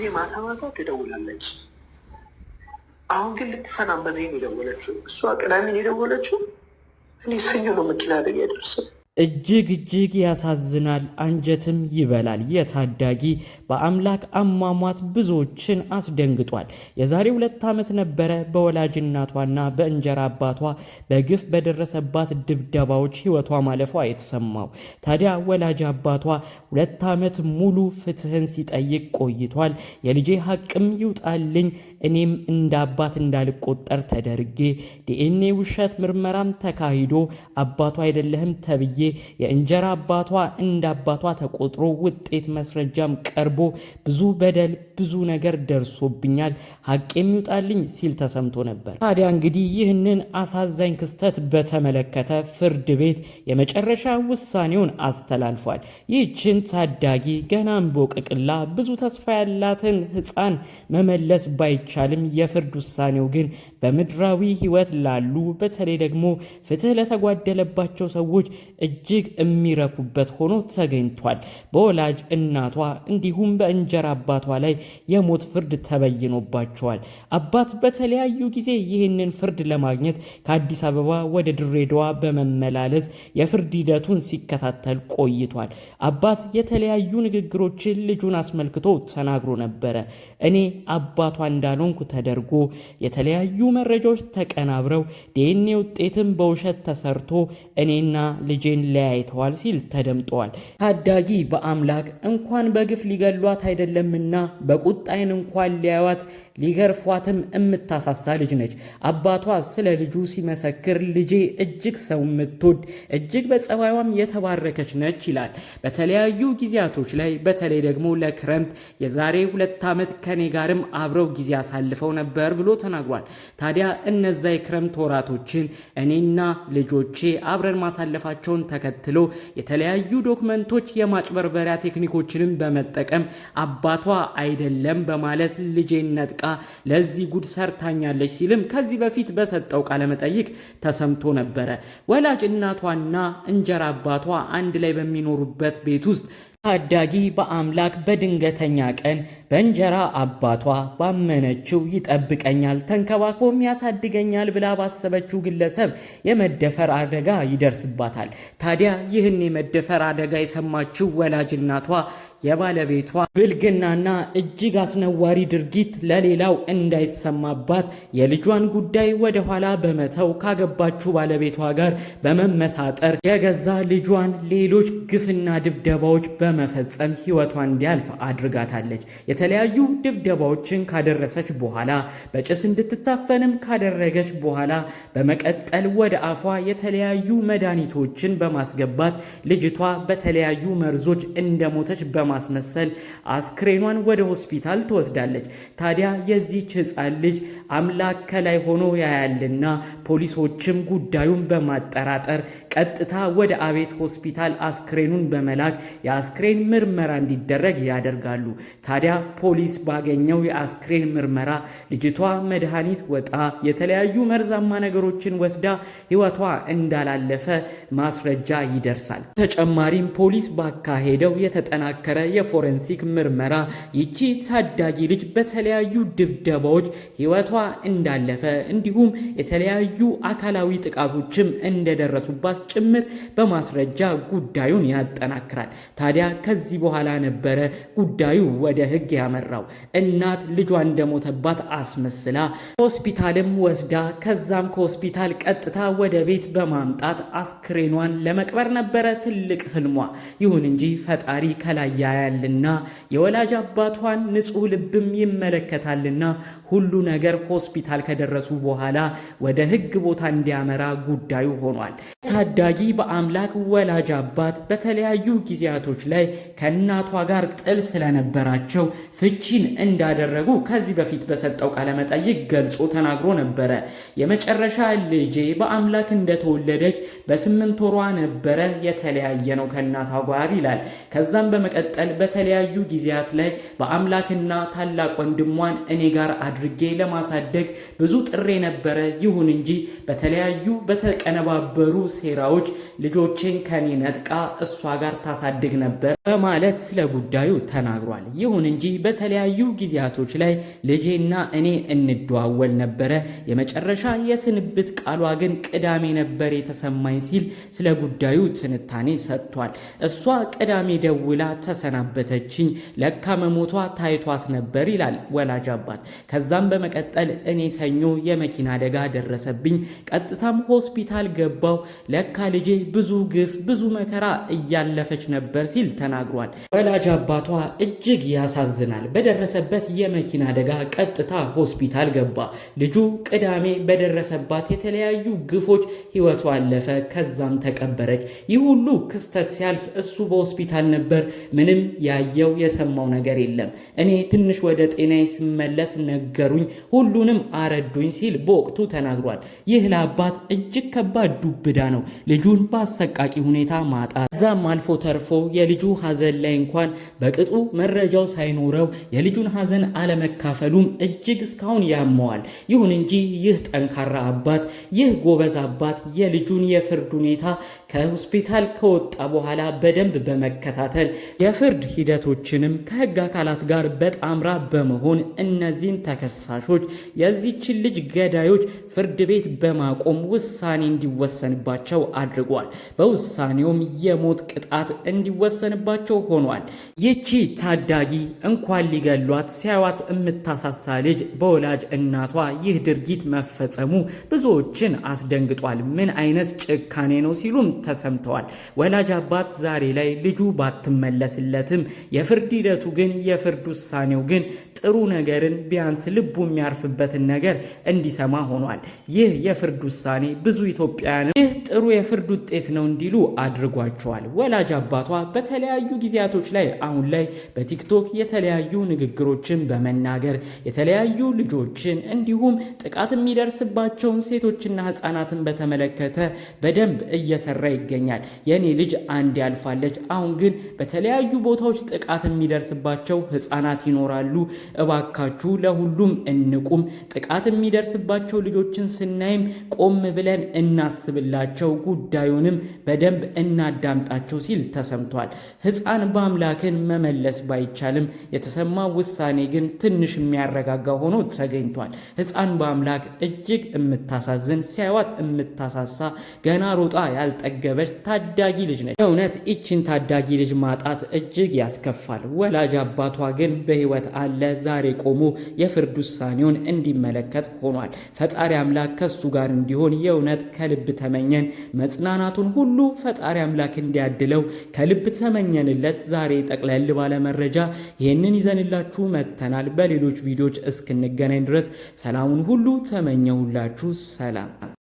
ይህ ማታ ማታ ትደውላለች። አሁን ግን ልትሰናም ነው የደወለችው። እሷ ቅዳሜን የደወለችው እኔ ሰኞ ነው መኪና አደጋ ያደርሰው እጅግ እጅግ ያሳዝናል፣ አንጀትም ይበላል። የታዳጊ በአምላክ አሟሟት ብዙዎችን አስደንግጧል። የዛሬ ሁለት ዓመት ነበረ በወላጅ እናቷና በእንጀራ አባቷ በግፍ በደረሰባት ድብደባዎች ሕይወቷ ማለፏ የተሰማው። ታዲያ ወላጅ አባቷ ሁለት ዓመት ሙሉ ፍትህን ሲጠይቅ ቆይቷል። የልጄ ሐቅም ይውጣልኝ፣ እኔም እንደ አባት እንዳልቆጠር ተደርጌ ዲኤንኤ ውሸት ምርመራም ተካሂዶ አባቷ አይደለህም ተብዬ የእንጀራ አባቷ እንደ አባቷ ተቆጥሮ ውጤት መስረጃም ቀርቦ ብዙ በደል ብዙ ነገር ደርሶብኛል ሀቅ የሚውጣልኝ ሲል ተሰምቶ ነበር። ታዲያ እንግዲህ ይህንን አሳዛኝ ክስተት በተመለከተ ፍርድ ቤት የመጨረሻ ውሳኔውን አስተላልፏል። ይህችን ታዳጊ ገናም በቅቅላ ብዙ ተስፋ ያላትን ሕፃን መመለስ ባይቻልም የፍርድ ውሳኔው ግን በምድራዊ ሕይወት ላሉ በተለይ ደግሞ ፍትህ ለተጓደለባቸው ሰዎች እጅግ የሚረኩበት ሆኖ ተገኝቷል። በወላጅ እናቷ እንዲሁም በእንጀራ አባቷ ላይ የሞት ፍርድ ተበይኖባቸዋል። አባት በተለያዩ ጊዜ ይህንን ፍርድ ለማግኘት ከአዲስ አበባ ወደ ድሬዳዋ በመመላለስ የፍርድ ሂደቱን ሲከታተል ቆይቷል። አባት የተለያዩ ንግግሮችን ልጁን አስመልክቶ ተናግሮ ነበረ። እኔ አባቷ እንዳልሆንኩ ተደርጎ የተለያዩ መረጃዎች ተቀናብረው ዲኤንኤ ውጤትም በውሸት ተሰርቶ እኔና ልጄን ለያይተዋል ሲል ተደምጠዋል። ታዳጊ በአምላክ እንኳን በግፍ ሊገሏት አይደለምና በቁጣይን እንኳን ሊያዩት ሊገርፏትም የምታሳሳ ልጅ ነች። አባቷ ስለ ልጁ ሲመሰክር ልጄ እጅግ ሰው የምትወድ እጅግ በጸባይዋም የተባረከች ነች ይላል። በተለያዩ ጊዜያቶች ላይ በተለይ ደግሞ ለክረምት የዛሬ ሁለት ዓመት ከኔ ጋርም አብረው ጊዜ አሳልፈው ነበር ብሎ ተናግሯል። ታዲያ እነዛ የክረምት ወራቶችን እኔና ልጆቼ አብረን ማሳለፋቸውን ተከትሎ የተለያዩ ዶክመንቶች የማጭበርበሪያ ቴክኒኮችንም በመጠቀም አባቷ አይደለም በማለት ልጄን ነጥቃ ለዚህ ጉድ ሰርታኛለች ሲልም ከዚህ በፊት በሰጠው ቃለመጠይቅ ተሰምቶ ነበረ። ወላጅ እናቷና እንጀራ አባቷ አንድ ላይ በሚኖሩበት ቤት ውስጥ ታዳጊ በአምላክ በድንገተኛ ቀን በእንጀራ አባቷ ባመነችው ይጠብቀኛል ተንከባክቦም ያሳድገኛል ብላ ባሰበችው ግለሰብ የመደፈር አደጋ ይደርስባታል። ታዲያ ይህን የመደፈር አደጋ የሰማችው ወላጅ እናቷ የባለቤቷ ብልግናና እጅግ አስነዋሪ ድርጊት ለሌላው እንዳይሰማባት የልጇን ጉዳይ ወደኋላ በመተው ካገባችው ባለቤቷ ጋር በመመሳጠር የገዛ ልጇን ሌሎች ግፍና ድብደባዎች በ በመፈጸም ህይወቷ እንዲያልፍ አድርጋታለች። የተለያዩ ድብደባዎችን ካደረሰች በኋላ በጭስ እንድትታፈንም ካደረገች በኋላ በመቀጠል ወደ አፏ የተለያዩ መድኃኒቶችን በማስገባት ልጅቷ በተለያዩ መርዞች እንደሞተች በማስመሰል አስክሬኗን ወደ ሆስፒታል ትወስዳለች። ታዲያ የዚች ህፃን ልጅ አምላክ ከላይ ሆኖ ያያልና ፖሊሶችም ጉዳዩን በማጠራጠር ቀጥታ ወደ አቤት ሆስፒታል አስክሬኑን በመላክ የአስክሬን ምርመራ እንዲደረግ ያደርጋሉ። ታዲያ ፖሊስ ባገኘው የአስክሬን ምርመራ ልጅቷ መድኃኒት ወጣ የተለያዩ መርዛማ ነገሮችን ወስዳ ህይወቷ እንዳላለፈ ማስረጃ ይደርሳል። ተጨማሪም ፖሊስ ባካሄደው የተጠናከረ የፎረንሲክ ምርመራ ይቺ ታዳጊ ልጅ በተለያዩ ድብደባዎች ህይወቷ እንዳለፈ እንዲሁም የተለያዩ አካላዊ ጥቃቶችም እንደደረሱባት ጭምር በማስረጃ ጉዳዩን ያጠናክራል። ታዲያ ከዚህ በኋላ ነበረ ጉዳዩ ወደ ህግ ያመራው። እናት ልጇ እንደሞተባት አስመስላ ሆስፒታልም ወስዳ ከዛም ከሆስፒታል ቀጥታ ወደ ቤት በማምጣት አስክሬኗን ለመቅበር ነበረ ትልቅ ህልሟ። ይሁን እንጂ ፈጣሪ ከላይ ያያልና የወላጅ አባቷን ንጹህ ልብም ይመለከታልና ሁሉ ነገር ሆስፒታል ከደረሱ በኋላ ወደ ህግ ቦታ እንዲያመራ ጉዳዩ ሆኗል። ታዳጊ በአምላክ ወላጅ አባት በተለያዩ ጊዜያቶች ላይ ላይ ከእናቷ ጋር ጥል ስለነበራቸው ፍቺን እንዳደረጉ ከዚህ በፊት በሰጠው ቃለመጠይቅ ገልጾ ተናግሮ ነበረ። የመጨረሻ ልጄ በአምላክ እንደተወለደች በስምንት ወሯ ነበረ የተለያየ ነው ከእናቷ ጋር ይላል። ከዛም በመቀጠል በተለያዩ ጊዜያት ላይ በአምላክና ታላቅ ወንድሟን እኔ ጋር አድርጌ ለማሳደግ ብዙ ጥሬ ነበረ። ይሁን እንጂ በተለያዩ በተቀነባበሩ ሴራዎች ልጆቼን ከኔ ነጥቃ እሷ ጋር ታሳድግ ነበር ነበር በማለት ስለ ጉዳዩ ተናግሯል። ይሁን እንጂ በተለያዩ ጊዜያቶች ላይ ልጄና እኔ እንደዋወል ነበረ፣ የመጨረሻ የስንብት ቃሏ ግን ቅዳሜ ነበር የተሰማኝ ሲል ስለ ጉዳዩ ትንታኔ ሰጥቷል። እሷ ቅዳሜ ደውላ ተሰናበተችኝ፣ ለካ መሞቷ ታይቷት ነበር ይላል ወላጅ አባት። ከዛም በመቀጠል እኔ ሰኞ የመኪና አደጋ ደረሰብኝ፣ ቀጥታም ሆስፒታል ገባው። ለካ ልጄ ብዙ ግፍ ብዙ መከራ እያለፈች ነበር ሲል ተናግሯል። ወላጅ አባቷ እጅግ ያሳዝናል። በደረሰበት የመኪና አደጋ ቀጥታ ሆስፒታል ገባ። ልጁ ቅዳሜ በደረሰባት የተለያዩ ግፎች ህይወቱ አለፈ። ከዛም ተቀበረች። ይህ ሁሉ ክስተት ሲያልፍ እሱ በሆስፒታል ነበር። ምንም ያየው የሰማው ነገር የለም። እኔ ትንሽ ወደ ጤናዬ ስመለስ ነገሩኝ፣ ሁሉንም አረዱኝ ሲል በወቅቱ ተናግሯል። ይህ ለአባት እጅግ ከባድ ዱብዳ ነው፣ ልጁን በአሰቃቂ ሁኔታ ማጣት። ከዛም አልፎ ተርፎ የልጁ በልጁ ሐዘን ላይ እንኳን በቅጡ መረጃው ሳይኖረው የልጁን ሐዘን አለመካፈሉም እጅግ እስካሁን ያመዋል። ይሁን እንጂ ይህ ጠንካራ አባት፣ ይህ ጎበዝ አባት የልጁን የፍርድ ሁኔታ ከሆስፒታል ከወጣ በኋላ በደንብ በመከታተል የፍርድ ሂደቶችንም ከህግ አካላት ጋር በጣምራ በመሆን እነዚህን ተከሳሾች የዚችን ልጅ ገዳዮች ፍርድ ቤት በማቆም ውሳኔ እንዲወሰንባቸው አድርጓል። በውሳኔውም የሞት ቅጣት እንዲወሰን የሚደቀንባቸው ሆኗል። ይቺ ታዳጊ እንኳን ሊገሏት ሲያዋት የምታሳሳ ልጅ በወላጅ እናቷ ይህ ድርጊት መፈጸሙ ብዙዎችን አስደንግጧል። ምን አይነት ጭካኔ ነው ሲሉም ተሰምተዋል። ወላጅ አባት ዛሬ ላይ ልጁ ባትመለስለትም የፍርድ ሂደቱ ግን የፍርድ ውሳኔው ግን ጥሩ ነገርን ቢያንስ ልቡ የሚያርፍበትን ነገር እንዲሰማ ሆኗል። ይህ የፍርድ ውሳኔ ብዙ ኢትዮጵያውያን ይህ ጥሩ የፍርድ ውጤት ነው እንዲሉ አድርጓቸዋል። ወላጅ አባቷ በተለ በተለያዩ ጊዜያቶች ላይ አሁን ላይ በቲክቶክ የተለያዩ ንግግሮችን በመናገር የተለያዩ ልጆችን እንዲሁም ጥቃት የሚደርስባቸውን ሴቶችና ህፃናትን በተመለከተ በደንብ እየሰራ ይገኛል። የኔ ልጅ አንድ ያልፋለች። አሁን ግን በተለያዩ ቦታዎች ጥቃት የሚደርስባቸው ህፃናት ይኖራሉ። እባካችሁ ለሁሉም እንቁም። ጥቃት የሚደርስባቸው ልጆችን ስናይም ቆም ብለን እናስብላቸው፣ ጉዳዩንም በደንብ እናዳምጣቸው ሲል ተሰምቷል። ሕፃን በአምላክን መመለስ ባይቻልም የተሰማ ውሳኔ ግን ትንሽ የሚያረጋጋ ሆኖ ተገኝቷል። ሕፃን በአምላክ እጅግ የምታሳዝን ሲያዋት የምታሳሳ ገና ሮጣ ያልጠገበች ታዳጊ ልጅ ነች። እውነት ይችን ታዳጊ ልጅ ማጣት እጅግ ያስከፋል። ወላጅ አባቷ ግን በህይወት አለ። ዛሬ ቆሞ የፍርድ ውሳኔውን እንዲመለከት ሆኗል። ፈጣሪ አምላክ ከሱ ጋር እንዲሆን የእውነት ከልብ ተመኘን። መጽናናቱን ሁሉ ፈጣሪ አምላክ እንዲያድለው ከልብ ተመ ተመኘንለት ዛሬ ጠቅለል ባለ መረጃ ይህንን ይዘንላችሁ መጥተናል። በሌሎች ቪዲዮዎች እስክንገናኝ ድረስ ሰላሙን ሁሉ ተመኘሁላችሁ። ሰላም